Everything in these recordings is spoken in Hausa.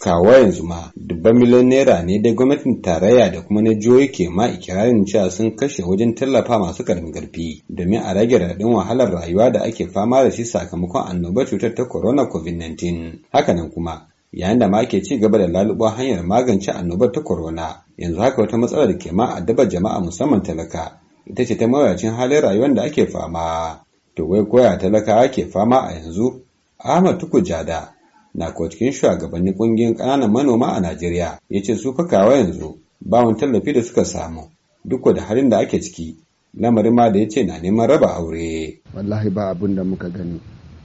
kawo yanzu ma dubban miliyon naira ne da gwamnatin tarayya da kuma na jihohi ke ma ikirarin cewa sun kashe wajen tallafa masu karamin karfi domin a rage raɗin wahalar rayuwa da ake fama da shi sakamakon annobar cutar ta corona covid-19 hakanan kuma yayin da ma ake ci gaba da lalubo hanyar magance annobar ta corona yanzu haka wata matsalar ke ma addaba jama'a musamman talaka ita ce ta mawuyacin halin rayuwar da ake fama to wai koya talaka ake fama a yanzu ahmad tukujada na ko cikin shugabannin kungiyoyin ƙananan manoma a Najeriya ya ce su fakawa yanzu ba wani tallafi da suka samu duk da harin da ake ciki lamarin ma da yace na neman raba aure. Wallahi ba abin da muka gani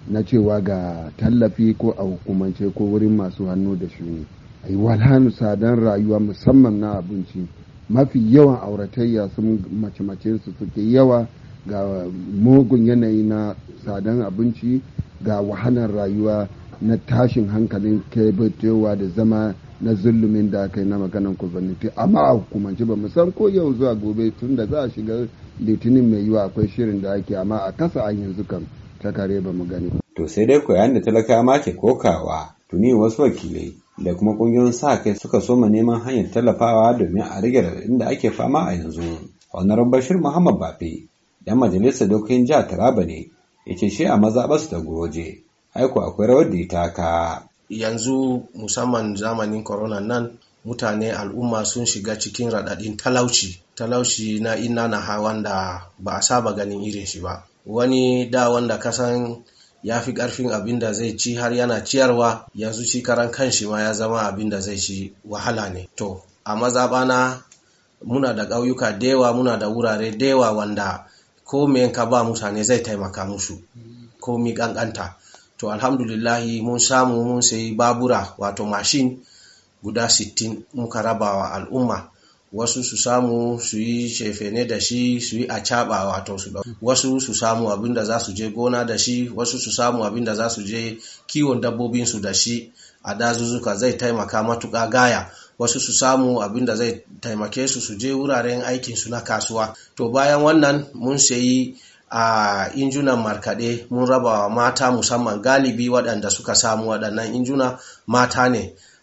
na cewa ga tallafi ko a hukumance ko wurin masu hannu da shuni. Ai walhanu sadan rayuwa musamman na abinci mafi yawan auratayya sun mace-mace su suke yawa ga mugun yanayi na sadan abinci ga wahalar rayuwa na tashin hankalin kebetewa da zama na zulumin da aka yi na maganan kubanniti amma a hukumance ba san ko yau zuwa gobe tun da za a shiga litinin mai yiwa akwai shirin da ake amma a kasa an yanzu kam ta kare ba mu gani to sai dai koyan da talaka ma ke kokawa tuni wasu wakilai da kuma kungiyoyin sa kai suka soma neman hanyar tallafawa domin a rage raɗaɗin da ake fama a yanzu honorable bashir muhammad bafe yan majalisar dokokin jihar taraba ne ya ce shi a maza su da goje aiko akwai rawar da ya taka yanzu musamman zamanin corona nan mutane al'umma sun shiga cikin raɗaɗin talauci talauci na ina na hawa da ba a saba ganin irin shi ba wani da wanda kasan ya fi ƙarfin abin da zai ci har yana ciyarwa yanzu shi karan shi ma ya zama abin da zai ci wahala ne to a mazabana muna da ƙauyuka da yawa muna da wurare da yawa wanda ko ka ba mutane zai taimaka musu ko mi ƙanƙanta to alhamdulillahi mun samu mun sayi babura wato mashin guda 60 muka rabawa al'umma wasu su samu su yi shefene da shi su yi acaba wato su wasu su samu abin za su je gona da shi wasu su samu abin za su je kiwon dabbobin su da shi a dazuzzuka zai taimaka matuƙa gaya wasu su samu abin zai taimake su su je wuraren aikinsu na kasuwa to bayan wannan mun sayi a injunan markaɗe mun raba mata musamman galibi waɗanda suka samu waɗannan injuna mata ne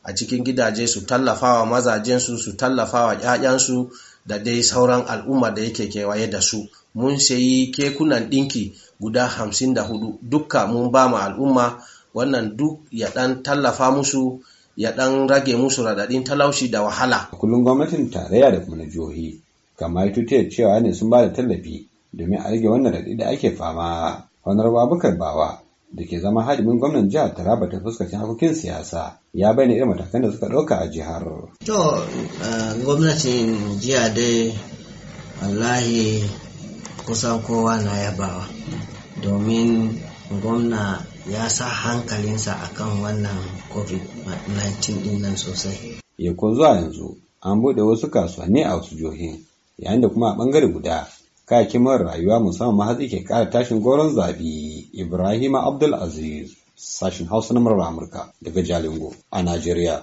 a cikin gidaje su tallafawa mazajensu su tallafawa 'ya'yansu da dai sauran al'umma da yake kewaye da su mun sayi kekunan ɗinki guda hamsin da hudu dukka mun ba ma al'umma wannan duk ya ɗan tallafa musu ya ɗan rage musu raɗaɗin talaushi da wahala kullum gwamnatin tarayya da kuma na jihohi kamar tutiyar cewa ne sun ba da tallafi domin a rage wannan raɗi da ake fama honorable abubakar bawa da ke zama hadimin gwamnan jihar taraba ta fuskacin harkokin siyasa ya bayyana irin matakan da suka ɗauka a jihar. to eh, gwamnatin jiya dai wallahi kusan kowa na yabawa domin gwamna ya sa hankalinsa a kan wannan covid-19 dinnan sosai. ya ko zuwa yanzu an buɗe wasu kasuwanni a wasu jihohi yayin da kuma a ɓangare guda kakimin rayuwa musamman hatsi ke kara tashin goron zabi Ibrahim Abdul Aziz sashin Hausa na Amurka daga Jalingo a Najeriya.